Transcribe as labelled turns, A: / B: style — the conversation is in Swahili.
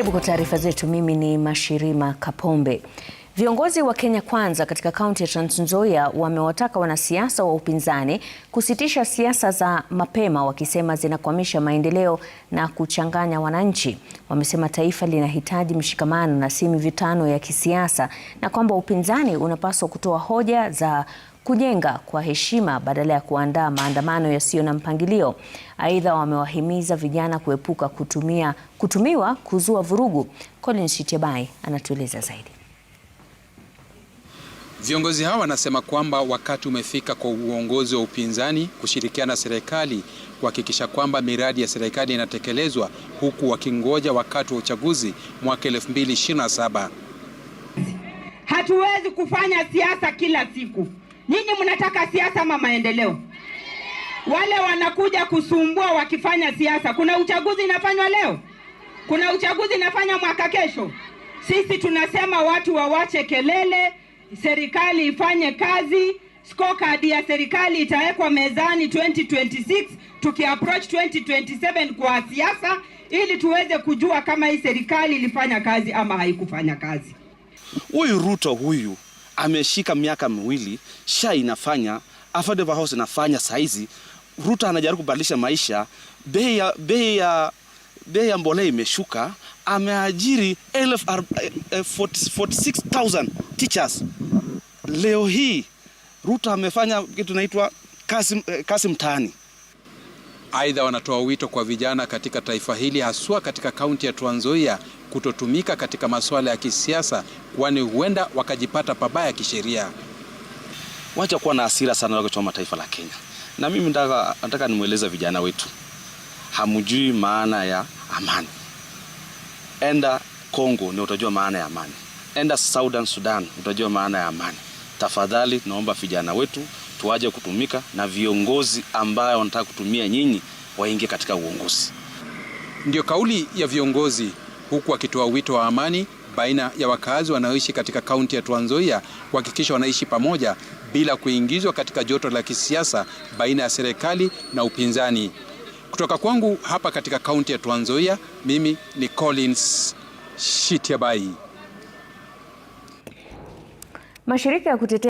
A: Karibu kwa taarifa zetu. Mimi ni Mashirima Kapombe. Viongozi wa Kenya Kwanza katika kaunti ya Trans Nzoia wamewataka wanasiasa wa upinzani kusitisha siasa za mapema, wakisema zinakwamisha maendeleo na kuchanganya wananchi. Wamesema taifa linahitaji mshikamano na si mivutano ya kisiasa, na kwamba upinzani unapaswa kutoa hoja za kujenga kwa heshima badala ya kuandaa maandamano yasiyo na mpangilio. Aidha, wamewahimiza vijana kuepuka kutumia, kutumiwa kuzua vurugu. Colin Shitebai anatueleza zaidi.
B: Viongozi hawa wanasema kwamba wakati umefika kwa uongozi wa upinzani kushirikiana na serikali kuhakikisha kwamba miradi ya serikali inatekelezwa huku wakingoja wakati wa uchaguzi mwaka 2027.
C: Hatuwezi kufanya siasa kila siku. Nyinyi mnataka siasa ama maendeleo? Wale wanakuja kusumbua wakifanya siasa. Kuna uchaguzi inafanywa leo, kuna uchaguzi inafanywa mwaka kesho. Sisi tunasema watu wawache kelele, serikali ifanye kazi. Scorecard ya serikali itawekwa mezani 2026 tukiapproach 2027 kwa siasa, ili tuweze kujua kama hii serikali ilifanya kazi ama haikufanya kazi.
D: Huyu Ruto huyu ameshika miaka miwili, SHA inafanya affordable house inafanya saizi, Ruto anajaribu kubadilisha maisha, bei ya bei ya bei ya mbolea imeshuka, ameajiri 46000 eh, teachers. Leo hii Ruto amefanya kitu naitwa kazi, eh, kazi mtaani.
B: Aidha, wanatoa wito kwa vijana katika taifa hili haswa katika kaunti ya Trans Nzoia kutotumika katika masuala ya kisiasa, kwani huenda wakajipata pabaya kisheria.
E: Wacha kuwa na hasira sana chama taifa la Kenya. Na mimi nataka nataka nimweleze vijana wetu, hamjui maana ya amani. Enda Kongo ni utajua maana ya amani, enda Southern Sudan utajua maana ya amani. Tafadhali naomba vijana wetu tuaje kutumika na viongozi ambayo wanataka kutumia nyinyi waingie katika uongozi.
B: Ndio kauli ya viongozi huku akitoa wito wa amani baina ya wakazi wanaoishi katika kaunti ya Trans Nzoia kuhakikisha wanaishi pamoja bila kuingizwa katika joto la kisiasa baina ya serikali na upinzani. Kutoka kwangu hapa katika kaunti ya Trans Nzoia, mimi ni Collins Shitiabai. Mashirika ya kutetea